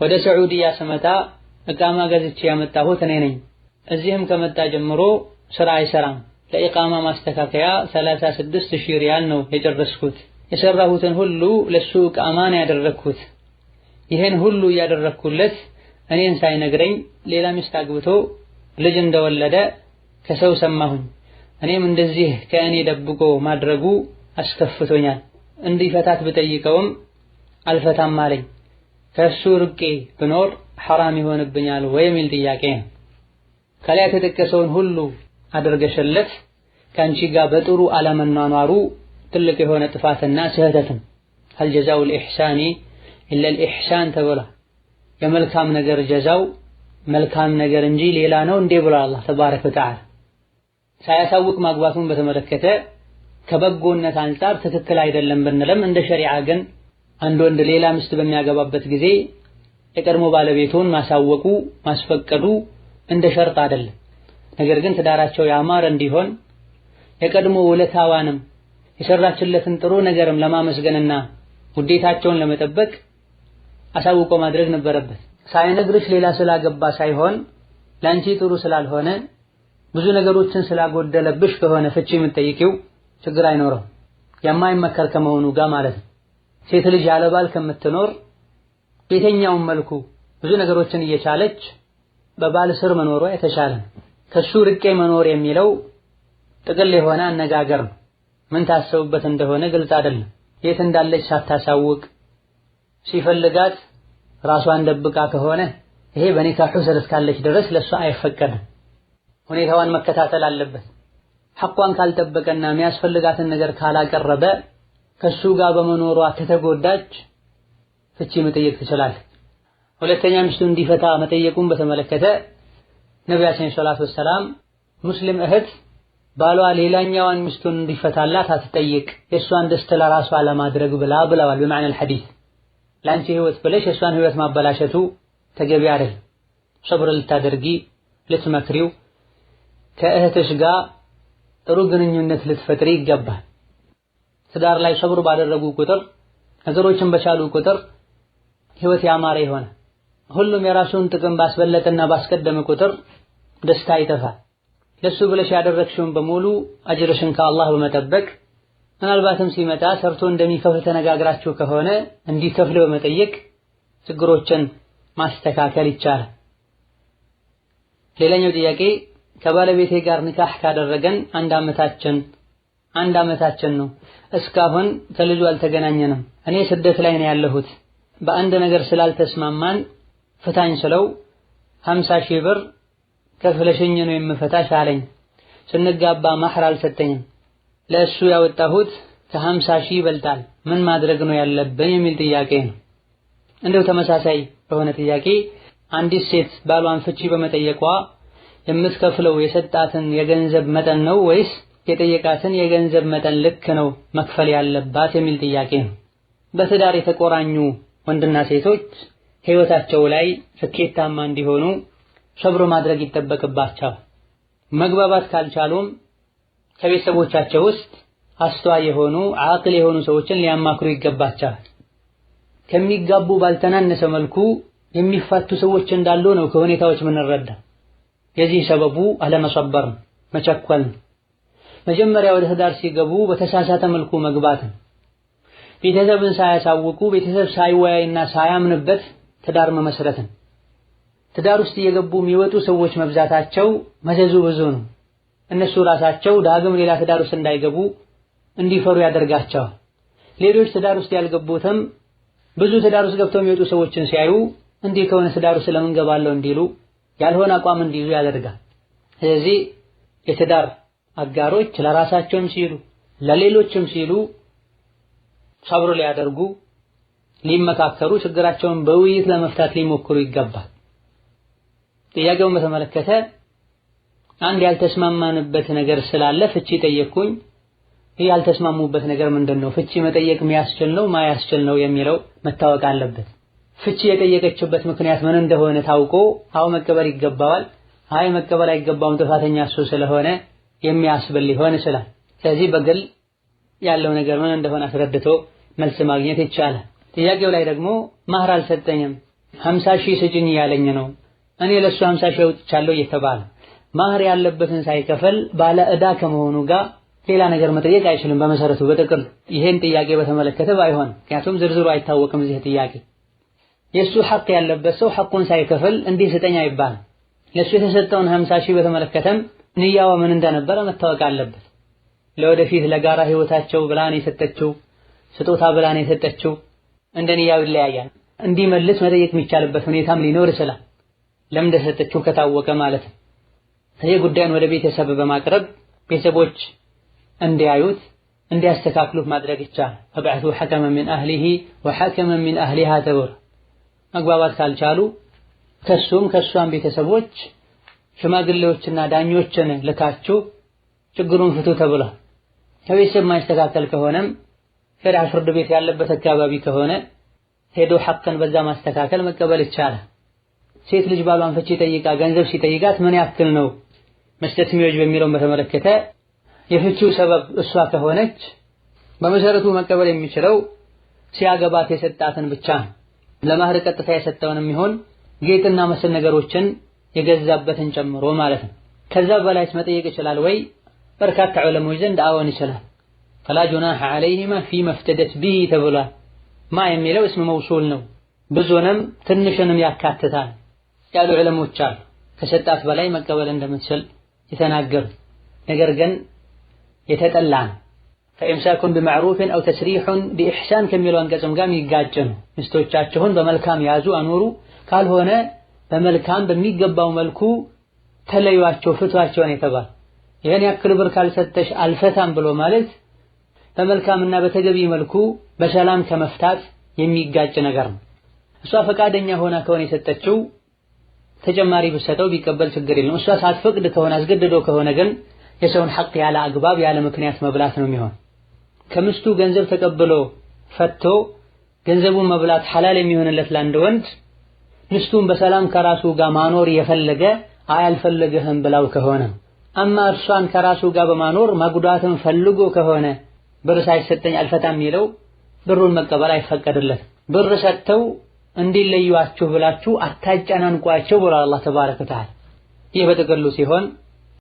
ወደ ሰዑዲያ ስመጣ እቃማ ገዝቼ ያመጣሁት እኔ ነኝ። እዚህም ከመጣ ጀምሮ ስራ አይሰራም። ለኢቃማ ማስተካከያ 36 ሺህ ሪያል ነው የጨረስኩት። የሰራሁትን ሁሉ ለሱ እቃማ ነው ያደረግኩት። ይህን ሁሉ እያደረግኩለት እኔን ሳይነግረኝ ሌላ ሚስት አግብቶ ልጅ እንደወለደ ከሰው ሰማሁኝ። እኔም እንደዚህ ከእኔ ደብቆ ማድረጉ አስከፍቶኛል። እንዲፈታት ብጠይቀውም አልፈታም አለኝ። ከእሱ ርቄ ብኖር ሐራም ይሆንብኛል ወይ የሚል ጥያቄ ነው። ከላይ የተጠቀሰውን ሁሉ አድርገሽለት ከአንቺ ጋር በጥሩ አለመኗኗሩ ትልቅ የሆነ ጥፋትና ስህተትም ሀል ጀዛኡል ኢሕሳኒ ኢለል ኢሕሳን ተብሏል። የመልካም ነገር ጀዛው መልካም ነገር እንጂ ሌላ ነው እንዴ ብሏል አላህ ተባረከ ወተዓላ። ሳያሳውቅ ማግባቱን በተመለከተ ከበጎነት አንጻር ትክክል አይደለም ብንለም እንደ ሸሪዓ ግን አንድ ወንድ ሌላ ሚስት በሚያገባበት ጊዜ የቀድሞ ባለቤቱን ማሳወቁ ማስፈቀዱ እንደ ሸርጥ አይደለም። ነገር ግን ትዳራቸው ያማረ እንዲሆን የቀድሞ ውለታዋንም የሰራችለትን ጥሩ ነገርም ለማመስገንና ውዴታቸውን ለመጠበቅ አሳውቆ ማድረግ ነበረበት። ሳይነግርሽ ሌላ ስላገባ ሳይሆን ለአንቺ ጥሩ ስላልሆነ ብዙ ነገሮችን ስላጎደለብሽ ከሆነ ፍቺ የምትጠይቂው ችግር አይኖረው የማይመከር ከመሆኑ ጋር ማለት ነው። ሴት ልጅ ያለ ባል ከምትኖር ቤተኛውን መልኩ ብዙ ነገሮችን እየቻለች በባል ስር መኖሯ የተሻለ ከሱ ርቄ መኖር የሚለው ጥቅል የሆነ አነጋገር ነው። ምን ታሰቡበት እንደሆነ ግልጽ አይደለም። የት እንዳለች ሳታሳውቅ ሲፈልጋት ራሷን ደብቃ ከሆነ ይሄ በኒካሑ ስር እስካለች ድረስ ለእሷ አይፈቀድም። ሁኔታዋን መከታተል አለበት። ሐቋን ካልጠበቀና የሚያስፈልጋትን ነገር ካላቀረበ ከሱ ጋር በመኖሯ ከተጎዳች ፍቺ መጠየቅ ትችላል ሁለተኛ ሚስቱ እንዲፈታ መጠየቁን በተመለከተ ነቢያችን ሰላቱ ወሰላም ሙስሊም እህት ባሏ ሌላኛዋን ሚስቱን እንዲፈታላት አትጠይቅ፣ የእሷን ደስታ ለራሷ ለማድረግ ብላ ብለዋል። በመዕነል ሐዲስ ለአንቺ ህይወት ብለሽ የእሷን ህይወት ማበላሸቱ ተገቢ አይደል። ሰብር ልታደርጊ ልትመክሪው፣ ከእህትሽ ጋር ጥሩ ግንኙነት ልትፈጥሪ ይገባል። ትዳር ላይ ሰብር ባደረጉ ቁጥር ነገሮችን በቻሉ ቁጥር ህይወት ያማረ ይሆነ። ሁሉም የራሱን ጥቅም ባስበለጠና ባስቀደመ ቁጥር ደስታ ይጠፋል። ለሱ ብለሽ ያደረግሽውን በሙሉ አጅርሽን ከአላህ በመጠበቅ ምናልባትም ሲመጣ ሰርቶ እንደሚከፍል ተነጋግራችሁ ከሆነ እንዲከፍል በመጠየቅ ችግሮችን ማስተካከል ይቻላል። ሌላኛው ጥያቄ ከባለቤቴ ጋር ኒካህ ካደረገን አንድ ዓመታችን አንድ አመታችን ነው። እስካሁን ከልጁ አልተገናኘንም። እኔ ስደት ላይ ነው ያለሁት። በአንድ ነገር ስላልተስማማን ፍታኝ ስለው ሀምሳ ሺህ ብር ከፍለሽኝ ነው የምፈታሽ አለኝ። ስንጋባ ማህር አልሰጠኝም። ለእሱ ያወጣሁት ከሀምሳ ሺህ ይበልጣል። ምን ማድረግ ነው ያለብን የሚል ጥያቄ ነው። እንደው ተመሳሳይ በሆነ ጥያቄ አንዲት ሴት ባሏን ፍቺ በመጠየቋ የምትከፍለው የሰጣትን የገንዘብ መጠን ነው ወይስ የጠየቃትን የገንዘብ መጠን ልክ ነው መክፈል ያለባት የሚል ጥያቄ ነው። በትዳር የተቆራኙ ወንድና ሴቶች ህይወታቸው ላይ ስኬታማ እንዲሆኑ ሰብሮ ማድረግ ይጠበቅባቸዋል። መግባባት ካልቻሉም ከቤተሰቦቻቸው ውስጥ አስተዋይ የሆኑ አቅል የሆኑ ሰዎችን ሊያማክሩ ይገባቸዋል። ከሚጋቡ ባልተናነሰ መልኩ የሚፋቱ ሰዎች እንዳሉ ነው ከሁኔታዎች ምንረዳ። የዚህ ሰበቡ አለመሰበር ነው፣ መቸኮል ነው። መጀመሪያ ወደ ትዳር ሲገቡ በተሳሳተ መልኩ መግባትን ቤተሰብን ሳያሳውቁ ቤተሰብ ሳይወያይና ሳያምንበት ትዳር መመስረትን ትዳር ውስጥ እየገቡ የሚወጡ ሰዎች መብዛታቸው መዘዙ ብዙ ነው። እነሱ ራሳቸው ዳግም ሌላ ትዳር ውስጥ እንዳይገቡ እንዲፈሩ ያደርጋቸዋል። ሌሎች ትዳር ውስጥ ያልገቡትም ብዙ ትዳር ውስጥ ገብተው የሚወጡ ሰዎችን ሲያዩ እንዲህ ከሆነ ትዳር ውስጥ ለምን ገባለሁ እንዲሉ ያልሆነ አቋም እንዲይዙ ያደርጋል። ስለዚህ የትዳር አጋሮች ለራሳቸውም ሲሉ ለሌሎችም ሲሉ ሰብር ሊያደርጉ ሊመካከሩ፣ ችግራቸውን በውይይት ለመፍታት ሊሞክሩ ይገባል። ጥያቄውን በተመለከተ አንድ ያልተስማማንበት ነገር ስላለ ፍቺ ጠየቅኩኝ። ይህ ያልተስማሙበት ነገር ምንድን ነው? ፍቺ መጠየቅ የሚያስችል ነው ማያስችል ነው የሚለው መታወቅ አለበት። ፍቺ የጠየቀችበት ምክንያት ምን እንደሆነ ታውቆ አው መቀበል ይገባዋል። አይ መቀበል አይገባውም ጥፋተኛ እሱ ስለሆነ የሚያስብል ሊሆን ይችላል። ስለዚህ በግል ያለው ነገር ምን እንደሆነ አስረድቶ መልስ ማግኘት ይቻላል። ጥያቄው ላይ ደግሞ ማህር አልሰጠኝም ሀምሳ ሺህ ስጭኝ እያለኝ ነው እኔ ለሱ ሀምሳ ሺህ አውጥቻለሁ እየተባለ ማህር ያለበትን ሳይከፈል ባለ ዕዳ ከመሆኑ ጋር ሌላ ነገር መጠየቅ አይችልም። በመሰረቱ በጥቅል ይሄን ጥያቄ በተመለከተ ባይሆን፣ ምክንያቱም ዝርዝሩ አይታወቅም። እዚህ ጥያቄ የሱ ሐቅ ያለበት ሰው ሐቁን ሳይከፍል እንዲህ ስጠኝ አይባልም። ለሱ የተሰጠውን ሀምሳ ሺህ በተመለከተም ንያው ምን እንደነበረ መታወቅ አለበት። ለወደፊት ለጋራ ህይወታቸው ብላን የሰጠችው ስጦታ ብላን የሰጠችው እንደ ንያው ይለያያል። እንዲመልስ መጠየቅ የሚቻልበት ሁኔታም ሊኖር ይችላል። ለምን እንደሰጠችው ከታወቀ ማለት ነው። ይህ ጉዳይን ወደ ቤተሰብ በማቅረብ ቤተሰቦች እንዲያዩት እንዲያስተካክሉት ማድረግ ይቻላል። ፈብዐቱ ሐከመን ሚን አህሊሂ ወሐከመን ሚን አህሊሃ ተብሎ መግባባት ካልቻሉ ከሱም ከሷም ቤተሰቦች ሽማግሌዎችና ዳኞችን ልካችሁ ችግሩን ፍቱ ተብሏል። ከቤተሰብ የማይስተካከል ከሆነም ሸሪዓ ፍርድ ቤት ያለበት አካባቢ ከሆነ ሄዶ ሐቅን በዛ ማስተካከል መቀበል ይቻላል። ሴት ልጅ ባሏን ፍቺ ጠይቃ ገንዘብ ሲጠይቃት ምን ያክል ነው መስጠት የሚወጅ በሚለውን በተመለከተ የፍቺው ሰበብ እሷ ከሆነች በመሰረቱ መቀበል የሚችለው ሲያገባት የሰጣትን ብቻ ነው። ለማህር ቀጥታ የሰጠውንም የሚሆን ጌጥና መሰል ነገሮችን የገዛበትን ጨምሮ ማለት ነው። ከዛ በላይስ መጠየቅ ይችላል ወይ? በርካታ ዑለሞች ዘንድ አዎን ይችላል። ፈላ ጁናሐ ዐለይሂማ ፊ መፍተደት ቢሂ ተብሏል። ማ የሚለው እስም መውሱል ነው፣ ብዙንም ትንሽንም ያካትታል ያሉ ዑለሞች አሉ። ከሰጣት በላይ መቀበል እንደምትችል የተናገሩ ነገር ግን የተጠላ ነው። ፈኢምሳኩን ቢማዕሩፍን አው ተስሪሑን ቢኢሕሳን ከሚለው አንቀጽም ጋር የሚጋጭ ነው። ሚስቶቻችሁን በመልካም ያዙ አኖሩ ካልሆነ በመልካም በሚገባው መልኩ ተለዩዋቸው፣ ፍቷቸውን የተባለ ይህን ያክል ብር ካልሰጠሽ አልፈታም ብሎ ማለት በመልካምና በተገቢ መልኩ በሰላም ከመፍታት የሚጋጭ ነገር ነው። እሷ ፈቃደኛ ሆና ከሆነ የሰጠችው ተጨማሪ ብሰጠው ቢቀበል ችግር የለም። እሷ ሳትፈቅድ ከሆነ አስገድዶ ከሆነ ግን የሰውን ሐቅ ያለ አግባብ ያለ ምክንያት መብላት ነው የሚሆን። ከምስቱ ገንዘብ ተቀብሎ ፈቶ ገንዘቡን መብላት ሐላል የሚሆንለት ለአንድ ወንድ ሚስቱን በሰላም ከራሱ ጋር ማኖር የፈለገ አያልፈልግህም ብላው ከሆነ አማ እርሷን ከራሱ ጋር በማኖር መጉዳትን ፈልጎ ከሆነ ብር ሳይሰጠኝ አልፈታም የሚለው ብሩን መቀበል አይፈቀድለትም። ብር ሰጥተው እንዲለዩአችሁ ብላችሁ አታጨናንቋቸው ብሏል አላህ ተባረከ ወተዓላ። ይህ በጥቅሉ ሲሆን